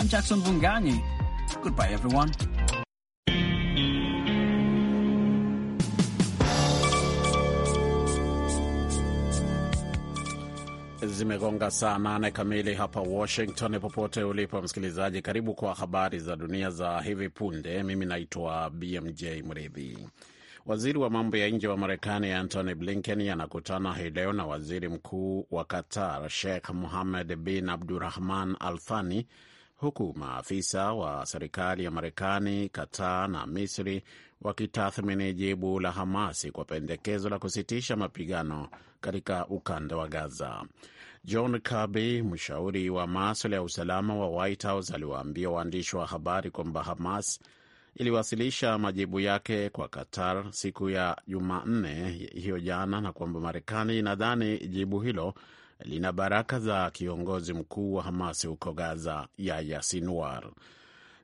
I'm Jackson Vunganyi. Goodbye everyone. Zimegonga saa nane kamili hapa Washington. Popote ulipo msikilizaji, karibu kwa habari za dunia za hivi punde. Mimi naitwa BMJ Mridhi. Waziri wa mambo ya nje wa Marekani Antony Blinken anakutana hii leo na waziri mkuu wa Qatar Sheikh muhamed bin Abdurahman Al Thani huku maafisa wa serikali ya Marekani, Qatar na Misri wakitathmini jibu la Hamasi kwa pendekezo la kusitisha mapigano katika ukanda wa Gaza. John Kirby, mshauri wa maswala ya usalama wa White House, aliwaambia waandishi wa habari kwamba Hamas iliwasilisha majibu yake kwa Qatar siku ya Jumanne hiyo jana, na kwamba Marekani inadhani jibu hilo lina baraka za kiongozi mkuu wa Hamasi huko Gaza, Yahya Sinwar.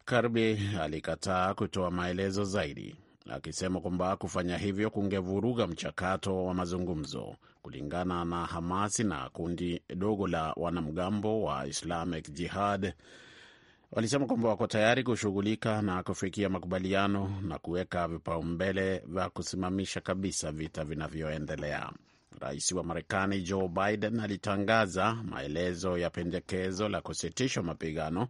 Karbi alikataa kutoa maelezo zaidi, akisema kwamba kufanya hivyo kungevuruga mchakato wa mazungumzo. Kulingana na Hamasi na kundi dogo la wanamgambo wa Islamic Jihad walisema kwamba wako tayari kushughulika na kufikia makubaliano na kuweka vipaumbele vya kusimamisha kabisa vita vinavyoendelea. Rais wa Marekani Joe Biden alitangaza maelezo ya pendekezo la kusitishwa mapigano,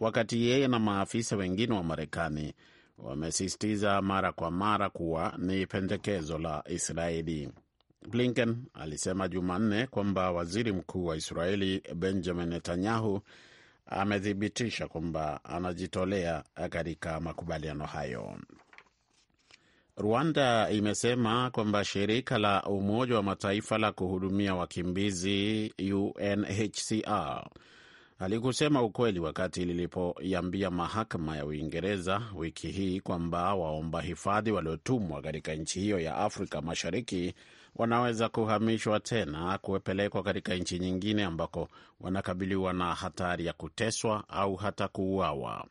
wakati yeye na maafisa wengine wa Marekani wamesisitiza mara kwa mara kuwa ni pendekezo la Israeli. Blinken alisema Jumanne kwamba waziri mkuu wa Israeli Benjamin Netanyahu amethibitisha kwamba anajitolea katika makubaliano hayo. Rwanda imesema kwamba shirika la Umoja wa Mataifa la kuhudumia wakimbizi UNHCR alikusema ukweli wakati lilipoiambia mahakama ya Uingereza wiki hii kwamba waomba hifadhi waliotumwa katika nchi hiyo ya Afrika Mashariki wanaweza kuhamishwa tena kupelekwa katika nchi nyingine ambako wanakabiliwa na hatari ya kuteswa au hata kuuawa.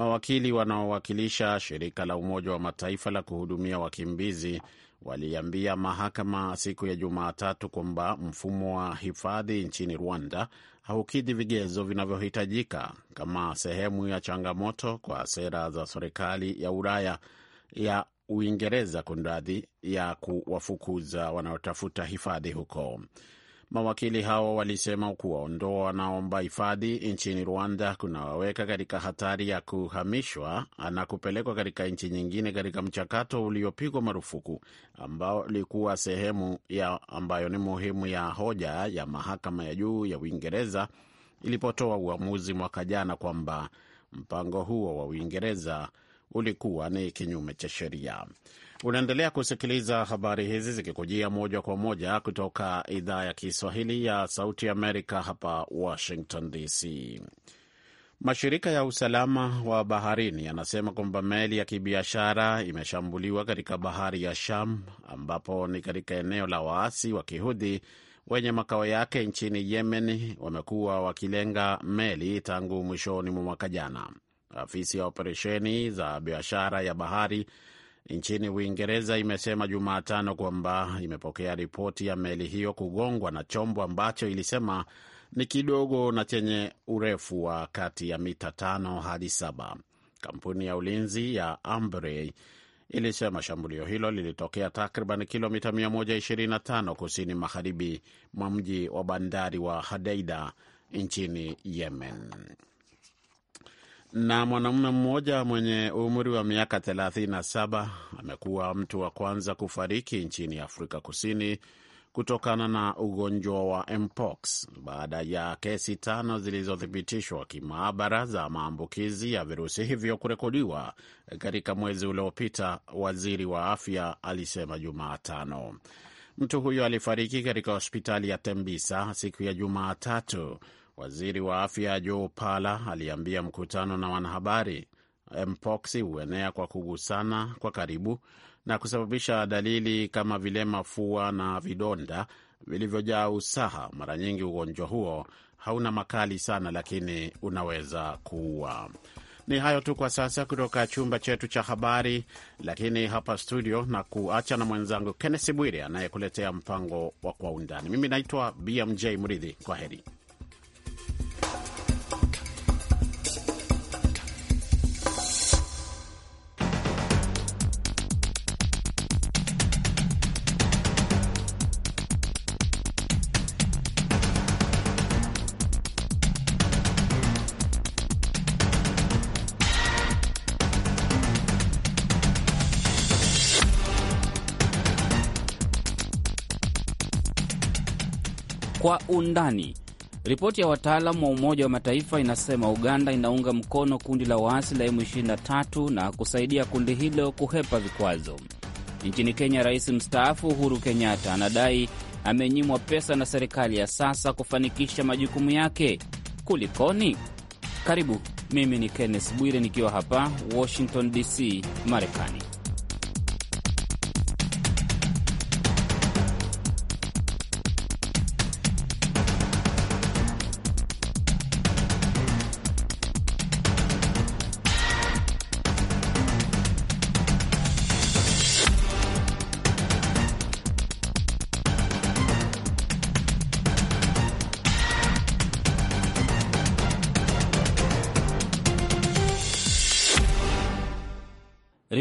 Mawakili wanaowakilisha shirika la Umoja wa Mataifa la kuhudumia wakimbizi waliambia mahakama siku ya Jumatatu kwamba mfumo wa hifadhi nchini Rwanda haukidhi vigezo vinavyohitajika kama sehemu ya changamoto kwa sera za serikali ya Ulaya ya Uingereza kundadhi ya kuwafukuza wanaotafuta hifadhi huko. Mawakili hao walisema kuwaondoa wanaomba hifadhi nchini Rwanda kunawaweka katika hatari ya kuhamishwa na kupelekwa katika nchi nyingine katika mchakato uliopigwa marufuku ambao ulikuwa sehemu ya ambayo ni muhimu ya hoja ya mahakama ya juu ya Uingereza ilipotoa uamuzi mwaka jana kwamba mpango huo wa Uingereza ulikuwa ni kinyume cha sheria. Unaendelea kusikiliza habari hizi zikikujia moja kwa moja kutoka idhaa ya Kiswahili ya Sauti Amerika hapa Washington DC. Mashirika ya usalama wa baharini yanasema kwamba meli ya kibiashara imeshambuliwa katika bahari ya Sham, ambapo ni katika eneo la waasi wa kihudhi wenye makao yake nchini Yemen wamekuwa wakilenga meli tangu mwishoni mwa mwaka jana. Afisi ya operesheni za biashara ya bahari nchini Uingereza imesema Jumatano kwamba imepokea ripoti ya meli hiyo kugongwa na chombo ambacho ilisema ni kidogo na chenye urefu wa kati ya mita tano hadi saba. Kampuni ya ulinzi ya Ambrey ilisema shambulio hilo lilitokea takriban kilomita 125 kusini magharibi mwa mji wa bandari wa Hodeida nchini Yemen. Na mwanamume mmoja mwenye umri wa miaka 37 amekuwa mtu wa kwanza kufariki nchini Afrika Kusini kutokana na ugonjwa wa mpox baada ya kesi tano zilizothibitishwa kimaabara za maambukizi ya virusi hivyo kurekodiwa katika mwezi uliopita, waziri wa afya alisema Jumatano. Mtu huyo alifariki katika hospitali ya Tembisa siku ya Jumatatu. Waziri wa afya Joe Pala aliambia mkutano na wanahabari, mpox huenea kwa kugusana kwa karibu na kusababisha dalili kama vile mafua na vidonda vilivyojaa usaha. Mara nyingi ugonjwa huo hauna makali sana, lakini unaweza kuua. Ni hayo tu kwa sasa kutoka chumba chetu cha habari, lakini hapa studio na kuacha na mwenzangu kennesi Bwire anayekuletea mpango wa Kwa Undani. Mimi naitwa BMJ Mridhi, kwa heri. undani. Ripoti ya wataalam wa Umoja wa Mataifa inasema Uganda inaunga mkono kundi la waasi la M23 na kusaidia kundi hilo kuhepa vikwazo. Nchini Kenya, rais mstaafu Uhuru Kenyatta anadai amenyimwa pesa na serikali ya sasa kufanikisha majukumu yake. Kulikoni? Karibu. Mimi ni Kenneth Bwire nikiwa hapa Washington DC, Marekani.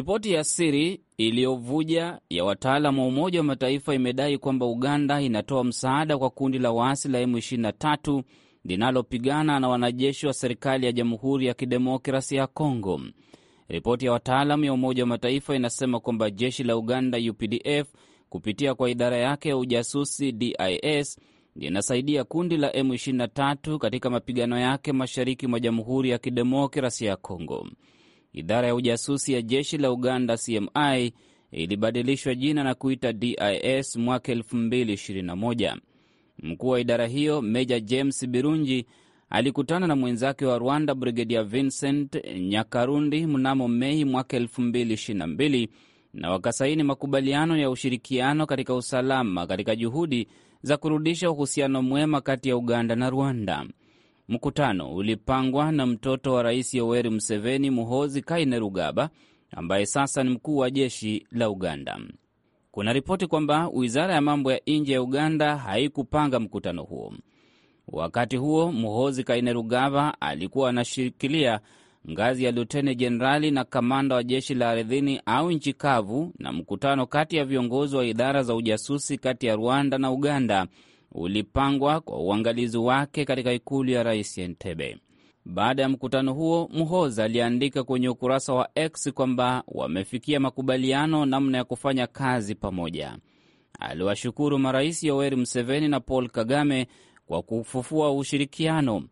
Ripoti ya siri iliyovuja ya wataalam wa Umoja wa Mataifa imedai kwamba Uganda inatoa msaada kwa kundi la waasi la M23 linalopigana na wanajeshi wa serikali ya Jamhuri ya Kidemokrasi ya congo Ripoti ya wataalam ya Umoja wa Mataifa inasema kwamba jeshi la Uganda UPDF kupitia kwa idara yake ya ujasusi DIS linasaidia kundi la M23 katika mapigano yake mashariki mwa Jamhuri ya Kidemokrasi ya congo idara ya ujasusi ya jeshi la Uganda CMI ilibadilishwa jina na kuita DIS mwaka 2021. Mkuu wa idara hiyo Meja James Birungi alikutana na mwenzake wa Rwanda Brigedia Vincent Nyakarundi mnamo Mei mwaka 2022 na wakasaini makubaliano ya ushirikiano katika usalama katika juhudi za kurudisha uhusiano mwema kati ya Uganda na Rwanda. Mkutano ulipangwa na mtoto wa rais Yoweri Museveni, Muhozi Kainerugaba, ambaye sasa ni mkuu wa jeshi la Uganda. Kuna ripoti kwamba wizara ya mambo ya nje ya Uganda haikupanga mkutano huo. Wakati huo, Muhozi Kainerugaba alikuwa anashikilia ngazi ya luteni jenerali na kamanda wa jeshi la ardhini au nchi kavu, na mkutano kati ya viongozi wa idara za ujasusi kati ya Rwanda na Uganda ulipangwa kwa uangalizi wake katika ikulu ya rais Entebbe. Baada ya mkutano huo, Mhoza aliandika kwenye ukurasa wa X kwamba wamefikia makubaliano namna ya kufanya kazi pamoja. Aliwashukuru marais Yoweri Museveni na Paul Kagame kwa kufufua ushirikiano.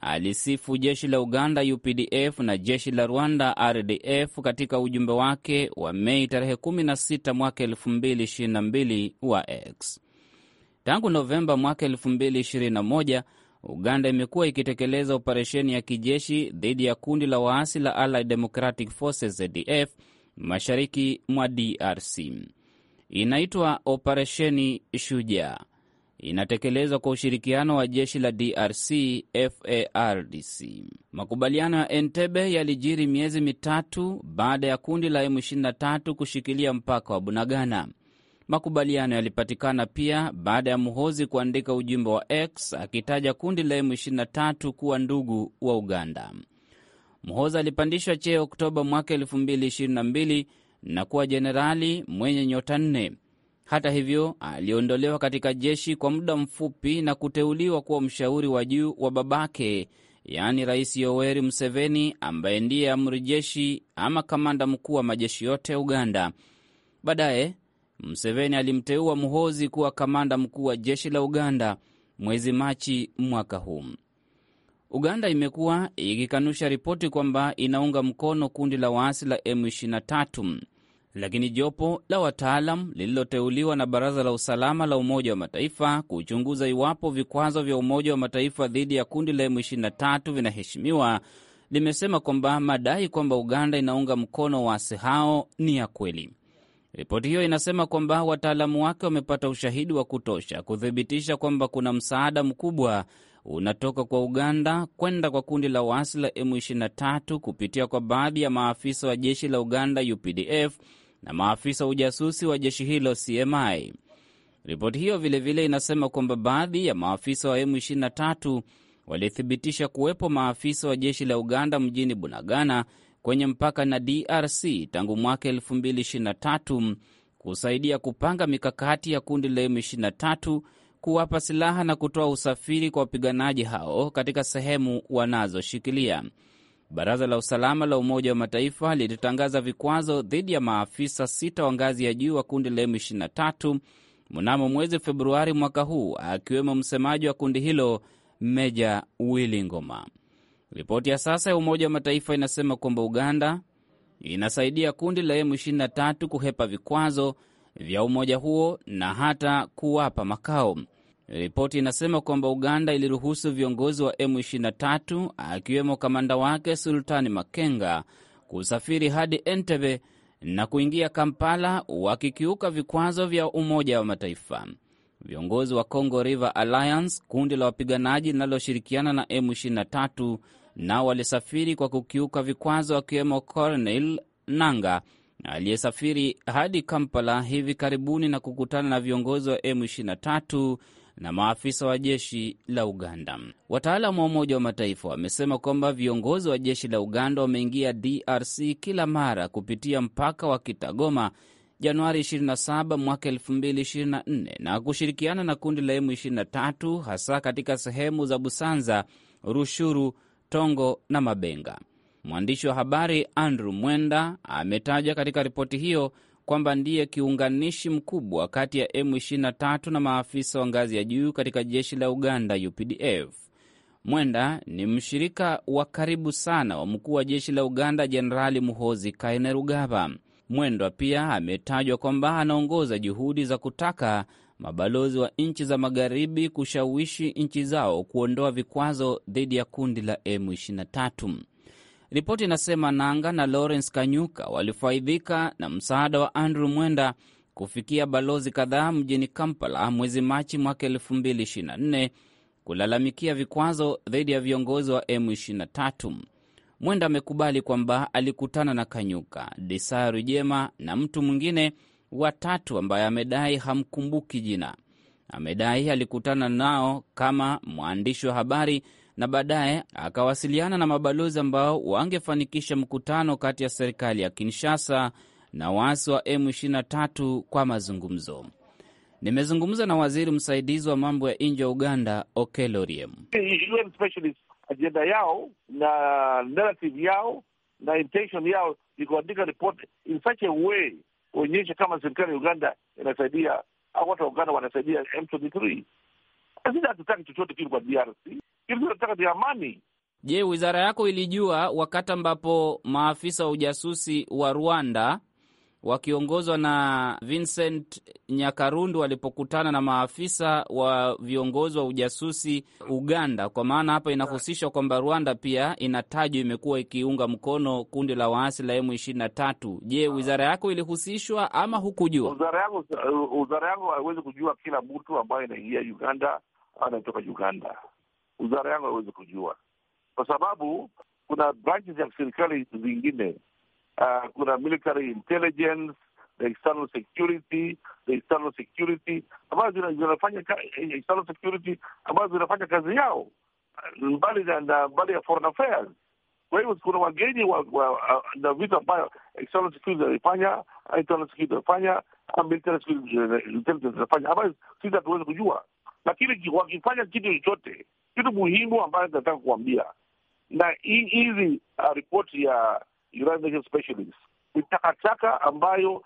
Alisifu jeshi la Uganda UPDF na jeshi la Rwanda RDF katika ujumbe wake wa Mei tarehe 16 mwaka 2022 wa X. Tangu Novemba mwaka 2021 Uganda imekuwa ikitekeleza operesheni ya kijeshi dhidi ya kundi la waasi la Allied Democratic Forces ADF mashariki mwa DRC. Inaitwa Operesheni Shujaa, inatekelezwa kwa ushirikiano wa jeshi la DRC FARDC. Makubaliano ya Entebbe yalijiri miezi mitatu baada ya kundi la M23 kushikilia mpaka wa Bunagana. Makubaliano yalipatikana pia baada ya Muhozi kuandika ujumbe wa X akitaja kundi la M23 kuwa ndugu wa Uganda. Muhozi alipandishwa cheo Oktoba mwaka 2022 na kuwa jenerali mwenye nyota nne. Hata hivyo, aliondolewa katika jeshi kwa muda mfupi na kuteuliwa kuwa mshauri wa juu wa babake, yaani Rais Yoweri Museveni, ambaye ndiye amri jeshi ama kamanda mkuu wa majeshi yote ya Uganda. Baadaye Museveni alimteua muhozi kuwa kamanda mkuu wa jeshi la Uganda mwezi Machi mwaka huu. Uganda imekuwa ikikanusha ripoti kwamba inaunga mkono kundi la waasi la M23, lakini jopo la wataalam lililoteuliwa na Baraza la Usalama la Umoja wa Mataifa kuchunguza iwapo vikwazo vya Umoja wa Mataifa dhidi ya kundi la M23 vinaheshimiwa limesema kwamba madai kwamba Uganda inaunga mkono waasi hao ni ya kweli. Ripoti hiyo inasema kwamba wataalamu wake wamepata ushahidi wa kutosha kuthibitisha kwamba kuna msaada mkubwa unatoka kwa Uganda kwenda kwa kundi la waasi la M23 kupitia kwa baadhi ya maafisa wa jeshi la Uganda UPDF na maafisa wa ujasusi wa jeshi hilo CMI. Ripoti hiyo vilevile inasema kwamba baadhi ya maafisa wa M23 walithibitisha kuwepo maafisa wa jeshi la Uganda mjini Bunagana kwenye mpaka na DRC tangu mwaka 2023 kusaidia kupanga mikakati ya kundi la M23 kuwapa silaha na kutoa usafiri kwa wapiganaji hao katika sehemu wanazoshikilia. Baraza la usalama la Umoja wa Mataifa lilitangaza vikwazo dhidi ya maafisa sita wa ngazi ya juu wa kundi la M23 mnamo mwezi Februari mwaka huu, akiwemo msemaji wa kundi hilo Meja Willy Ngoma. Ripoti ya sasa ya Umoja wa Mataifa inasema kwamba Uganda inasaidia kundi la M23 kuhepa vikwazo vya umoja huo na hata kuwapa makao. Ripoti inasema kwamba Uganda iliruhusu viongozi wa M23 akiwemo kamanda wake Sultani Makenga kusafiri hadi Entebbe na kuingia Kampala wakikiuka vikwazo vya Umoja wa Mataifa. Viongozi wa Congo River Alliance, kundi la wapiganaji linaloshirikiana na M23, nao walisafiri kwa kukiuka vikwazo, wakiwemo Colonel Nanga aliyesafiri hadi Kampala hivi karibuni na kukutana na viongozi wa M23 na maafisa wa jeshi la Uganda. Wataalamu wa Umoja wa Mataifa wamesema kwamba viongozi wa jeshi la Uganda wameingia DRC kila mara kupitia mpaka wa Kitagoma Januari 27 mwaka 2024 na kushirikiana na kundi la M23 hasa katika sehemu za Busanza, Rushuru, Tongo na Mabenga. Mwandishi wa habari Andrew Mwenda ametaja katika ripoti hiyo kwamba ndiye kiunganishi mkubwa kati ya M23 na maafisa wa ngazi ya juu katika jeshi la Uganda, UPDF. Mwenda ni mshirika wa karibu sana wa mkuu wa jeshi la Uganda, Jenerali Muhozi Kainerugaba. Mwendwa pia ametajwa kwamba anaongoza juhudi za kutaka mabalozi wa nchi za magharibi kushawishi nchi zao kuondoa vikwazo dhidi ya kundi la M23. Ripoti inasema Nanga na Lawrence Kanyuka walifaidhika na msaada wa Andrew Mwenda kufikia balozi kadhaa mjini Kampala mwezi Machi mwaka 2024 kulalamikia vikwazo dhidi ya viongozi wa M23. Mwenda amekubali kwamba alikutana na Kanyuka, Desa Rujema na mtu mwingine watatu ambaye amedai hamkumbuki jina. Amedai alikutana nao kama mwandishi wa habari na baadaye akawasiliana na mabalozi ambao wangefanikisha mkutano kati ya serikali ya Kinshasa na waasi wa M23 kwa mazungumzo. Nimezungumza na waziri msaidizi wa mambo ya nje ya Uganda, Okello ajenda yao na narrative yao na intention yao ni kuandika ripoti in such a way kuonyesha kama serikali ya Uganda inasaidia au watu wa Uganda wanasaidia M23. Sisi hatutaki chochote kile kwa DRC, ili tunataka ni amani. Je, wizara yako ilijua wakati ambapo maafisa wa ujasusi wa Rwanda wakiongozwa na Vincent Nyakarundu walipokutana na maafisa wa viongozi wa ujasusi Uganda. Kwa maana hapa inahusishwa kwamba Rwanda pia inatajwa imekuwa ikiunga mkono kundi la waasi la emu ishirini na tatu. Je, wizara yako ilihusishwa ama hukujua? Wizara yangu wizara yangu haiwezi kujua kila mtu ambayo inaingia Uganda au anatoka Uganda. Wizara yangu haiwezi kujua kwa sababu kuna branches ya serikali zingine uh, kuna uh, military intelligence the external security the external security ambazo zinafanya ka, eh, eh, external security ambazo zinafanya kazi yao uh, mbali na mbali ya foreign affairs. Kwa hivyo kuna wageni wa, wa, uh, na vitu ambayo external security zinaifanya internal security zinafanya, military security eh, zinafanya ambayo sisi hatuwezi kujua, lakini wakifanya kitu chochote, kitu muhimu ambayo nataka kuambia na hizi uh, ripoti ya ni takataka ambayo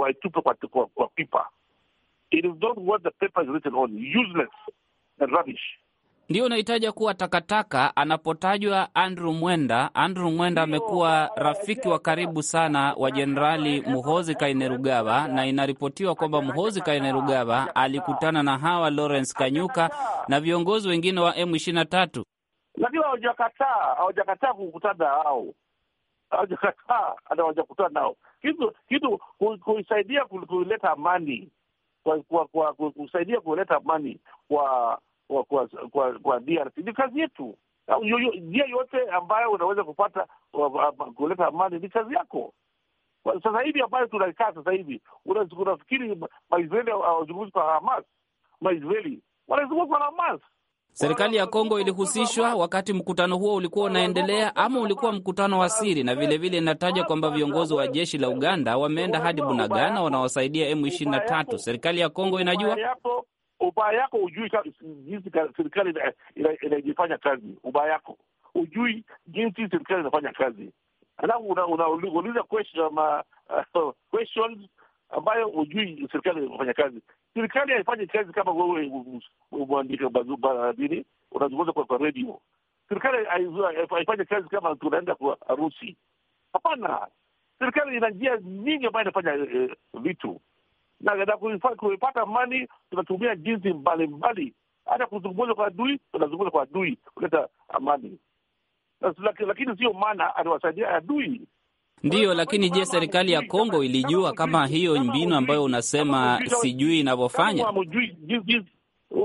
waitupe wa, wa, wa, kwa pipa. It is not what the paper is written on, useless and rubbish. Ndio unahitaja kuwa takataka anapotajwa Andrew Mwenda. Andrew Mwenda amekuwa uh, rafiki wa karibu sana wa Jenerali Muhozi Kainerugaba, na inaripotiwa kwamba Muhozi Kainerugaba alikutana na hawa Lawrence Kanyuka na viongozi wengine wa M23 lakini hawajakataa, hawajakataa kukutana hao, hawajakataa hata hawajakutana nao, kitu kitu kuisaidia kuleta amani kusaidia kuleta amani kwa kwa, kwa, kwa, kwa DRC ni kazi yetu. Njia yote ambayo unaweza kupata kuleta amani ni kazi yako. Sasa hivi ambayo tunaikaa sasa hivi, unafikiri Maisraeli hawazungumzi kwa Hamas? Maisraeli wanazungumza kwa Hamas. Serikali ya Kongo ilihusishwa wakati mkutano huo ulikuwa unaendelea, ama ulikuwa mkutano wa siri? Na vilevile inataja vile kwamba viongozi wa jeshi la Uganda wameenda hadi Bunagana, wanawasaidia M23. Serikali ya Kongo inajua ubaya yako, hujui jinsi serikali inajifanya kazi. Ubaya yako, hujui jinsi serikali inafanya kazi, alafu unauliza una, una, una question, uh, questions ambayo hujui serikali inafanya kazi. Serikali haifanyi kazi kama wewe mwandika baradini unazungumza kwa, kwa redio. Serikali haifanyi kazi kama tunaenda kwa harusi. Hapana, serikali ina njia nyingi ambayo inafanya eh, eh vitu na, na kuipata mani tunatumia jinsi mbalimbali. Hata kuzungumza kwa adui, tunazungumza kwa adui kuleta amani, lakini sio maana atawasaidia adui Ndiyo, lakini je, serikali ya Kongo ilijua kama hiyo mbinu ambayo unasema sijui inavyofanya?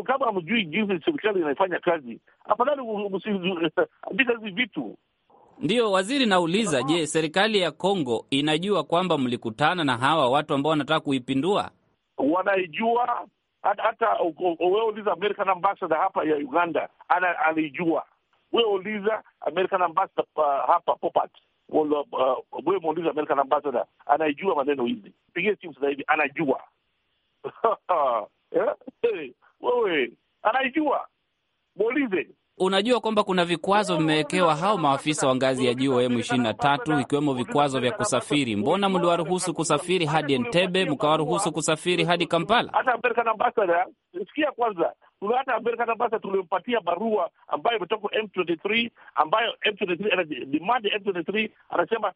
Kama hamjui jinsi serikali inaifanya kazi, afadhali andika hizi vitu. Ndiyo, waziri, nauliza je, serikali ya Kongo inajua kwamba mlikutana na hawa watu ambao wanataka kuipindua? Wanaijua, hata wewe uliza American ambassador hapa ya Uganda, anaijua. Wewe uliza American ambassador uh, hapa Popat Uh, wewe muulize American ambassador, anaijua maneno hizi, pigie simu sasa hivi, anajua eh? wewe, anaijua muulize. Unajua kwamba kuna vikwazo vimewekewa hao maafisa wa ngazi ya juu wa emu ishirini na tatu ikiwemo vikwazo vya kusafiri. Mbona mliwaruhusu kusafiri hadi Entebe, mkawaruhusu kusafiri hadi Kampala? Hata American ambassador sikia kwanza, kuna hata Amerika hata basa tulimpatia barua ambayo imetoka M23, ambayo M23 demand ya M23 anasema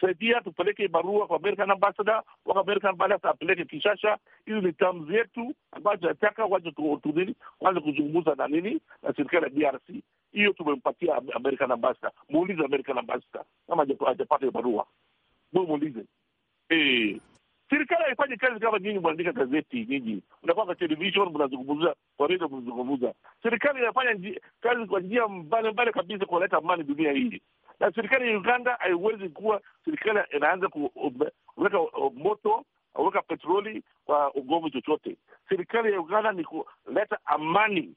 saidia tupeleke barua kwa American ambassador, waka American ambassador apeleke Kishasha. Hizi ni terms yetu ambayo tunataka waje tunini waanze kuzungumza na nini na serikali ya DRC. Hiyo tumempatia American ambassador. Muulize American ambassador kama hajapata hiyo barua, muulize eh. Serikali haifanyi kazi kama nyinyi mwandika gazeti, nyinyi mnakuwa kwa television mnazungumza, kwa redio mnazungumza. Serikali inafanya kazi kwa njia mbalimbali kabisa kuwaleta amani dunia hii, na serikali ya Uganda haiwezi kuwa serikali inaanza kuweka moto auweka petroli kwa ugomvi chochote. Serikali ya Uganda ni kuleta amani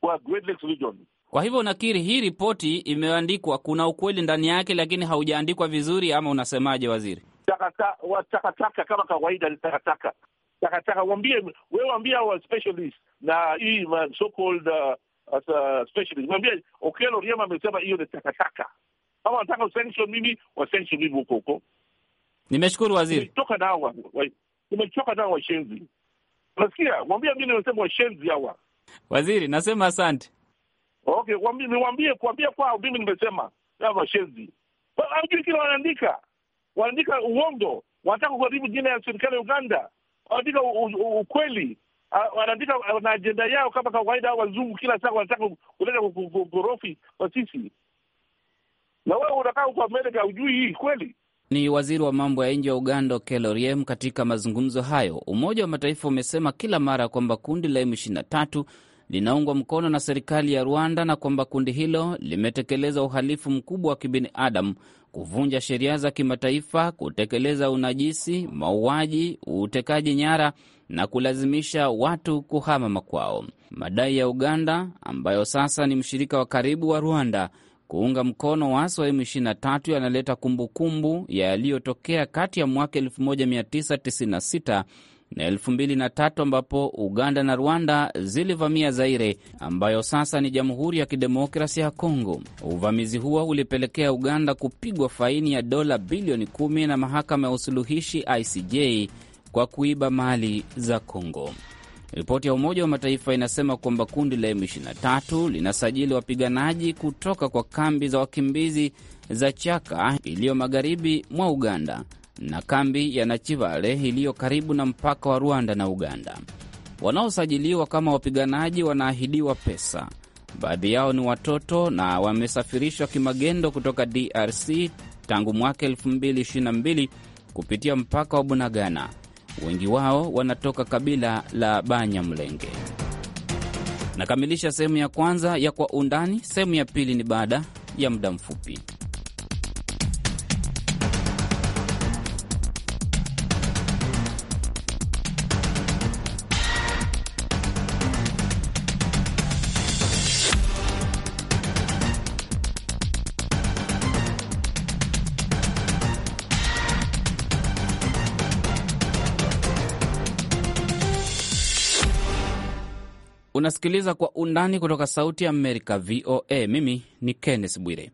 kwa Great Lakes region. Kwa hivyo unakiri hii ripoti imeandikwa, kuna ukweli ndani yake, lakini haujaandikwa vizuri, ama unasemaje, waziri? takataka wa takataka kama kawaida ni takataka takataka, wambie we wambia wa specialist na hii so called uh, uh, specialist, wambie okelo riema amesema hiyo ni takataka. Kama wanataka sanction mimi wa sanction mimi huko huko. Nimeshukuru waziri, toka nao nimechoka nao washenzi. Unasikia, mwambie mimi nimesema washenzi hawa. Waziri, nasema asante. Okay, wambie niwambie kuambia kwao mimi nimesema washenzi, hawajui kile wanaandika wanaandika uongo, wanataka kuharibu jina ya serikali ya Uganda, wanaandika ukweli, wanaandika na ajenda yao kama kawaida. Au wazungu kila saa wanataka kuleta gorofi kwa sisi, na wewe unakaa huko Amerika hujui hii kweli. Ni waziri wa mambo ya nje wa Uganda, Okello Oryem. Katika mazungumzo hayo, Umoja wa Mataifa umesema kila mara kwamba kundi la M23 linaungwa mkono na serikali ya Rwanda na kwamba kundi hilo limetekeleza uhalifu mkubwa wa kibinadamu, kuvunja sheria za kimataifa, kutekeleza unajisi, mauaji, utekaji nyara na kulazimisha watu kuhama makwao. Madai ya Uganda ambayo sasa ni mshirika wa karibu wa Rwanda kuunga mkono waasi wa M23 yanaleta kumbukumbu ya yaliyotokea kati ya mwaka 1996 na tatu ambapo Uganda na Rwanda zilivamia Zaire ambayo sasa ni Jamhuri ya Kidemokrasia ya Kongo. Uvamizi huo ulipelekea Uganda kupigwa faini ya dola bilioni kumi na mahakama ya usuluhishi ICJ kwa kuiba mali za Kongo. Ripoti ya Umoja wa Mataifa inasema kwamba kundi la M23 linasajili wapiganaji kutoka kwa kambi za wakimbizi za Chaka iliyo magharibi mwa Uganda na kambi ya Nakivale iliyo karibu na mpaka wa Rwanda na Uganda. Wanaosajiliwa kama wapiganaji wanaahidiwa pesa. Baadhi yao ni watoto na wamesafirishwa kimagendo kutoka DRC tangu mwaka 2022 kupitia mpaka wa Bunagana. Wengi wao wanatoka kabila la Banyamulenge. Nakamilisha sehemu ya kwanza ya Kwa Undani. Sehemu ya pili ni baada ya muda mfupi. Unasikiliza Kwa Undani kutoka Sauti ya Amerika, VOA. Mimi ni Kenneth Bwire.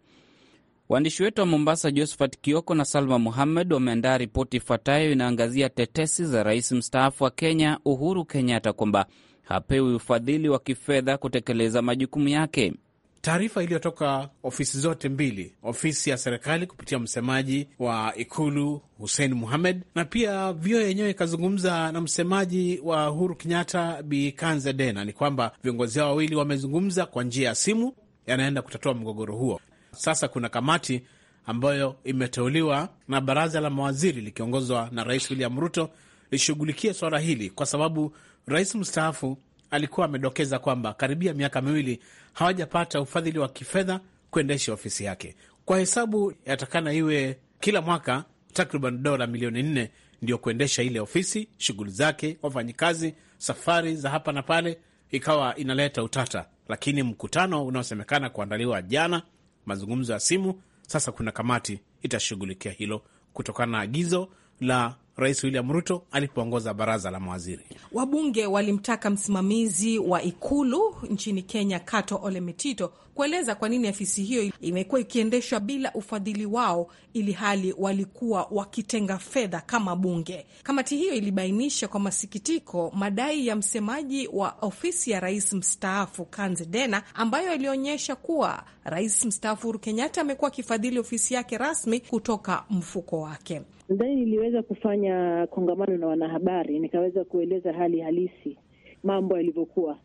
Waandishi wetu wa Mombasa, Josephat Kioko na Salma Muhammed, wameandaa ripoti ifuatayo inaangazia tetesi za rais mstaafu wa Kenya Uhuru Kenyatta kwamba hapewi ufadhili wa kifedha kutekeleza majukumu yake. Taarifa iliyotoka ofisi zote mbili, ofisi ya serikali kupitia msemaji wa ikulu Hussein Muhamed, na pia vio yenyewe ikazungumza na msemaji wa Uhuru Kenyatta Bi Kanze Dena, ni kwamba viongozi hao wawili wamezungumza kwa njia ya simu, yanaenda kutatua mgogoro huo. Sasa kuna kamati ambayo imeteuliwa na baraza la mawaziri likiongozwa na Rais William Ruto lishughulikie swala hili, kwa sababu rais mstaafu alikuwa amedokeza kwamba karibia miaka miwili hawajapata ufadhili wa kifedha kuendesha ofisi yake. Kwa hesabu yatakana iwe kila mwaka takriban dola milioni nne ndio kuendesha ile ofisi, shughuli zake, wafanyikazi, safari za hapa na pale, ikawa inaleta utata. Lakini mkutano unaosemekana kuandaliwa jana, mazungumzo ya simu, sasa kuna kamati itashughulikia hilo kutokana na agizo la Rais William Ruto alipoongoza baraza la mawaziri. Wabunge walimtaka msimamizi wa ikulu nchini Kenya, Kato Ole Metito, kueleza kwa nini afisi hiyo imekuwa ikiendeshwa bila ufadhili wao, ili hali walikuwa wakitenga fedha kama bunge. Kamati hiyo ilibainisha kwa masikitiko madai ya msemaji wa ofisi ya rais mstaafu Kanze Dena, ambayo ilionyesha kuwa rais mstaafu Uhuru Kenyatta amekuwa akifadhili ofisi yake rasmi kutoka mfuko wake nadhani niliweza kufanya kongamano na wanahabari, nikaweza kueleza hali halisi mambo yalivyokuwa,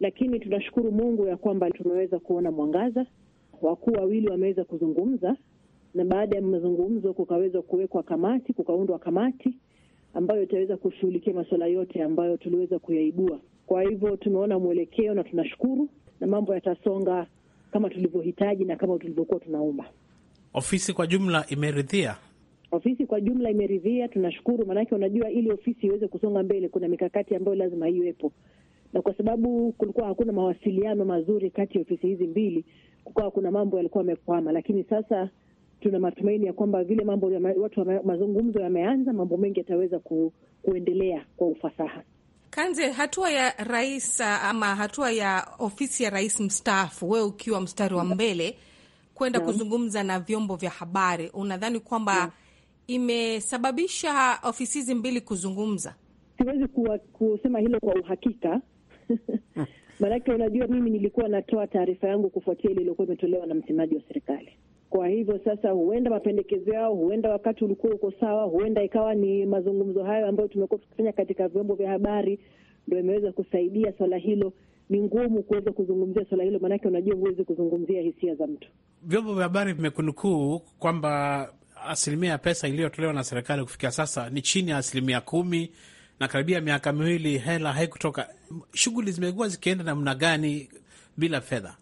lakini tunashukuru Mungu ya kwamba tumeweza kuona mwangaza. Wakuu wawili wameweza kuzungumza, na baada ya mazungumzo kukaweza kuwekwa kamati, kukaundwa kamati ambayo itaweza kushughulikia masuala yote ambayo tuliweza kuyaibua. Kwa hivyo tumeona mwelekeo na tunashukuru, na mambo yatasonga kama tulivyohitaji na kama tulivyokuwa tunaomba. Ofisi kwa jumla imeridhia Ofisi kwa jumla imeridhia, tunashukuru. Maanake unajua, ili ofisi iweze kusonga mbele, kuna mikakati ambayo lazima iwepo, na kwa sababu kulikuwa hakuna mawasiliano mazuri kati ya ofisi hizi mbili, kukawa kuna mambo yalikuwa yamekwama, lakini sasa tuna matumaini ya kwamba vile mambo ya watu wa mazungumzo yameanza, mambo mengi yataweza ku, kuendelea kwa ufasaha. Kanze, hatua ya rais uh, ama hatua ya ofisi ya rais mstaafu, wewe ukiwa mstari wa mbele kwenda kuzungumza na vyombo vya habari, unadhani kwamba imesababisha ofisi hizi mbili kuzungumza? Siwezi kusema hilo kwa uhakika maanake unajua, mimi nilikuwa natoa taarifa yangu kufuatia ile iliyokuwa imetolewa na msemaji wa serikali. Kwa hivyo sasa, huenda mapendekezo yao, huenda wakati ulikuwa uko sawa, huenda ikawa ni mazungumzo hayo ambayo tumekuwa tukifanya katika vyombo vya habari ndo imeweza kusaidia swala hilo. Ni ngumu kuweza kuzungumzia swala hilo, maanake unajua, huwezi kuzungumzia hisia za mtu. Vyombo vya habari vimekunukuu kwamba asilimia ya pesa iliyotolewa na serikali kufikia sasa ni chini ya asilimia kumi na karibia miaka miwili hela haikutoka. Shughuli zimekuwa zikienda namna gani bila fedha?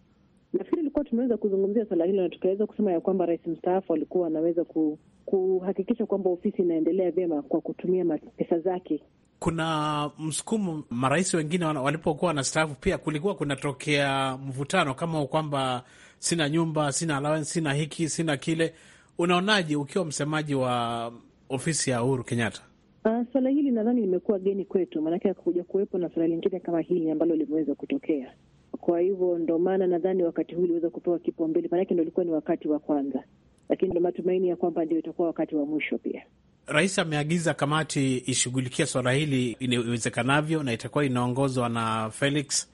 Nafikiri ilikuwa tumeweza kuzungumzia swala hilo na tukaweza kusema ya kwamba rais mstaafu alikuwa anaweza ku, kuhakikisha kwamba ofisi inaendelea vyema kwa kutumia pesa zake. Kuna msukumo, marais wengine walipokuwa wanastaafu pia kulikuwa kunatokea mvutano kama kwamba sina nyumba, sina allowance, sina hiki, sina kile unaonaje ukiwa msemaji wa ofisi ya Uhuru Kenyatta? Uh, swala hili nadhani limekuwa geni kwetu, maanake hakuja kuwepo na swala lingine kama hili ambalo limeweza kutokea. Kwa hivyo ndo maana nadhani wakati huu uliweza kupewa kipaumbele, maanake ndo ulikuwa ni wakati wa kwanza, lakini ndo matumaini ya kwamba ndio itakuwa wakati wa mwisho pia. Rais ameagiza kamati ishughulikia swala hili iwezekanavyo, na itakuwa inaongozwa na Felix.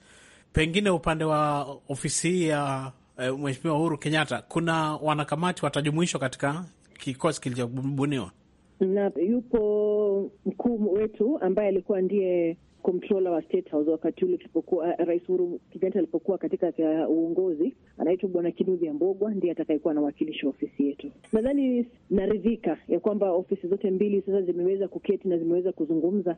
Pengine upande wa ofisi hii ya eh, Mheshimiwa Uhuru Kenyatta, kuna wanakamati watajumuishwa katika kikosi kilichobuniwa? Na yupo mkuu wetu ambaye alikuwa ndiye Comptroller wa State House wakati ule tulipokuwa eh, Rais Uhuru Kenyatta alipokuwa katika uongozi, anaitwa Bwana Kinuthia Mbogwa, ndiye atakayekuwa anawakilisha ofisi yetu. Nadhani naridhika ya kwamba ofisi zote mbili sasa zimeweza kuketi na zimeweza kuzungumza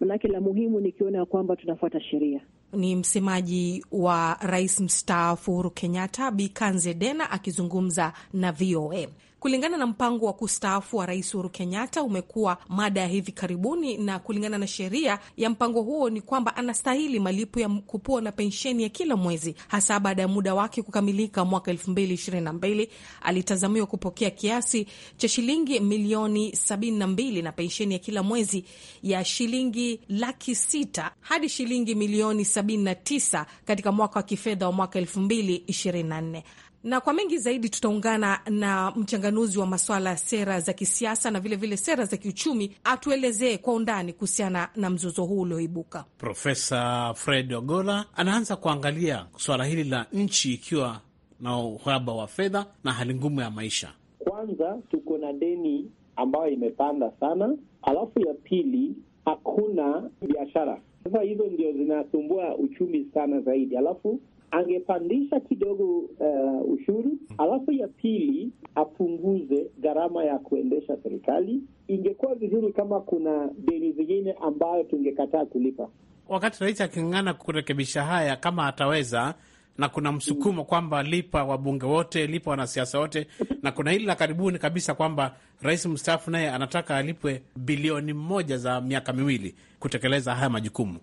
Manake la muhimu nikiona ya kwamba tunafuata sheria. Ni msemaji wa rais mstaafu Uhuru Kenyatta, Bi Kanze Dena akizungumza na VOA kulingana na mpango wa kustaafu wa Rais Uhuru Kenyatta umekuwa mada ya hivi karibuni, na kulingana na sheria ya mpango huo ni kwamba anastahili malipo ya kupoa na pensheni ya kila mwezi, hasa baada ya muda wake kukamilika mwaka 2022. Alitazamiwa kupokea kiasi cha shilingi milioni 72 na pensheni ya kila mwezi ya shilingi laki sita hadi shilingi milioni 79 katika mwaka wa kifedha wa mwaka 2024 na kwa mengi zaidi tutaungana na mchanganuzi wa maswala ya sera za kisiasa na vilevile vile sera za kiuchumi, atuelezee kwa undani kuhusiana na mzozo huu ulioibuka. Profesa Fred Ogola anaanza kuangalia suala hili la nchi ikiwa na uhaba wa fedha na hali ngumu ya maisha. Kwanza tuko na deni ambayo imepanda sana, alafu ya pili hakuna biashara. Sasa hizo ndio zinasumbua uchumi sana zaidi, alafu angepandisha kidogo uh, ushuru, alafu ya pili apunguze gharama ya kuendesha serikali. Ingekuwa vizuri kama kuna deni zingine ambayo tungekataa kulipa. Wakati rais aking'ang'ana kurekebisha haya kama ataweza, na kuna msukumo kwamba lipa wabunge wote, lipa wanasiasa wote, na kuna hili la karibuni kabisa kwamba rais mstaafu naye anataka alipwe bilioni moja za miaka miwili kutekeleza haya majukumu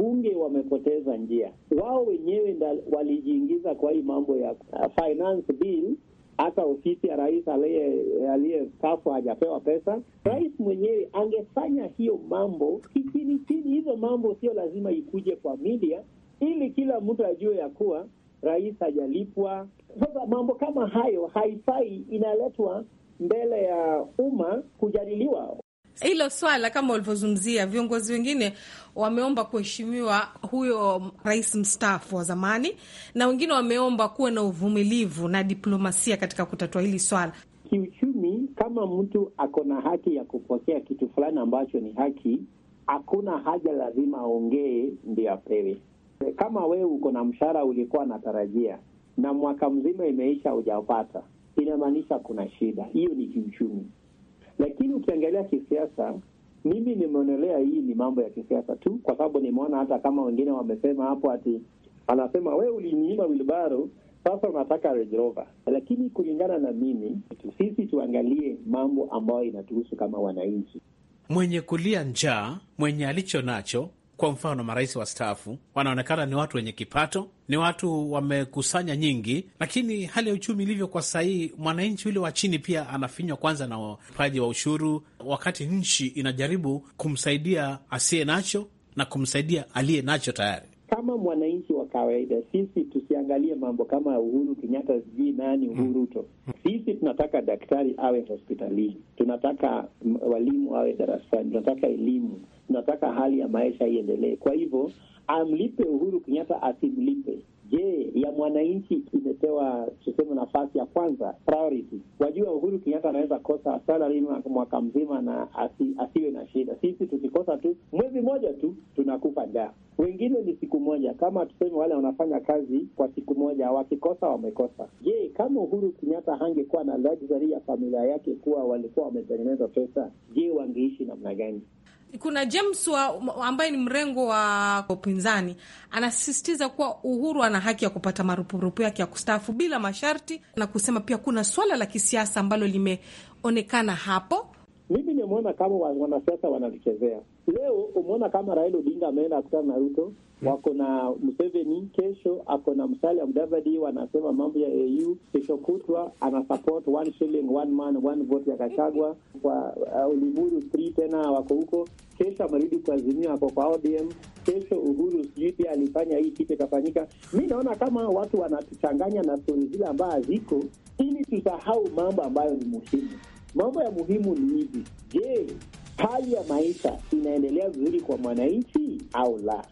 bunge wamepoteza njia. Wao wenyewe walijiingiza kwa hii mambo ya uh, finance bill. Hata ofisi ya rais aliyestaafu hajapewa pesa. Rais mwenyewe angefanya hiyo mambo kichini chini. Hizo mambo sio lazima ikuje kwa media, ili kila mtu ajue ya kuwa rais hajalipwa. Sasa mambo kama hayo haifai, inaletwa mbele ya umma kujadiliwa hilo swala kama ulivyozungumzia, viongozi wengine wameomba kuheshimiwa huyo rais mstaafu wa zamani, na wengine wameomba kuwe na uvumilivu na diplomasia katika kutatua hili swala. Kiuchumi, kama mtu ako na haki ya kupokea kitu fulani ambacho ni haki, hakuna haja lazima aongee ndio apewe. Kama wewe uko na mshahara ulikuwa natarajia na mwaka mzima imeisha hujapata, inamaanisha kuna shida. Hiyo ni kiuchumi. Lakini ukiangalia kisiasa, mimi nimeonelea hii ni mambo ya kisiasa tu, kwa sababu nimeona hata kama wengine wamesema hapo ati anasema we ulinyima wilbaro, sasa unataka Range Rover. Lakini kulingana na mimi, sisi tuangalie mambo ambayo inatuhusu kama wananchi. Mwenye kulia njaa, mwenye alicho nacho kwa mfano, marais wastaafu wanaonekana ni watu wenye kipato, ni watu wamekusanya nyingi, lakini hali ya uchumi ilivyo kwa sahii, mwananchi yule wa chini pia anafinywa kwanza na upaji wa ushuru, wakati nchi inajaribu kumsaidia asiye nacho na kumsaidia aliye nacho tayari kama mwananchi wa kawaida, sisi tusiangalie mambo kama Uhuru Kenyatta, sijui nani mm. Uhuru to Sisi tunataka daktari awe hospitalini, tunataka walimu awe darasani, tunataka elimu, tunataka hali ya maisha iendelee. Kwa hivyo amlipe Uhuru Kenyatta, asimlipe Je, ya mwananchi imepewa tuseme nafasi ya kwanza priority. Wajua Uhuru Kenyatta anaweza kosa salary mwaka mzima na asi, asiwe na shida. Sisi tukikosa tu mwezi mmoja tu tunaku kadhaa. Wengine ni siku moja, kama tuseme wale wanafanya kazi kwa siku moja, wakikosa wamekosa. Je, kama Uhuru Kenyatta hangekuwa na luxury ya familia yake kuwa walikuwa wametengeneza pesa, je, wangeishi namna gani? Kuna James wa, ambaye ni mrengo wa upinzani anasisitiza kuwa Uhuru ana haki ya kupata marupurupu yake ya kustaafu bila masharti, na kusema pia kuna swala la kisiasa ambalo limeonekana hapo mimi nimeona kama wanasiasa wanalichezea. Leo umeona kama Raila Odinga ameenda akutana na Ruto, wako na Museveni, kesho ako na Musalia Mudavadi, wanasema mambo ya AU, kesho kutwa ana support one shilling one man one vote ya Kashagwa kwa uh, Ulimuru three tena wako huko, kesho amerudi kuazimia ako kwa ODM, kesho Uhuru sijui pia alifanya hii kitu ikafanyika. Mi naona kama watu wanatuchanganya na stori zile ambayo haziko, ili tusahau mambo ambayo ni muhimu mambo ya muhimu ni hivi. Je, hali ya maisha inaendelea vizuri kwa mwananchi au la?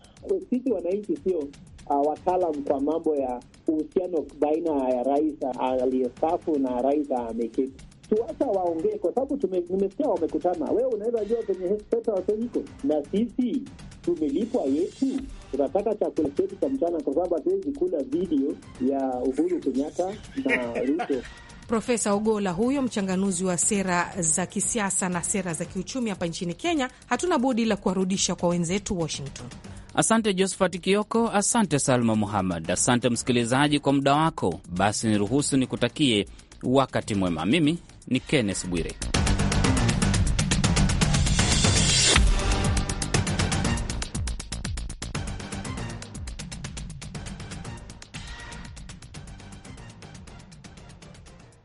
Sisi wananchi sio uh, wataalam kwa mambo ya uhusiano baina ya rais aliyestaafu na rais ameketi tuwacha waongee kwa sababu tumesikia wamekutana. Wewe unaweza jua kwenye sekta wasoiko na sisi tumelipwa yetu, tunataka chakula chetu cha mchana, kwa sababu hatuwezi kula video ya Uhuru Kenyatta na Ruto Profesa Ogola huyo mchanganuzi wa sera za kisiasa na sera za kiuchumi hapa nchini Kenya. Hatuna budi la kuwarudisha kwa wenzetu Washington. Asante Josephat Kioko, asante Salma Muhammad, asante msikilizaji kwa muda wako. Basi niruhusu nikutakie wakati mwema. Mimi ni Kenneth Bwire.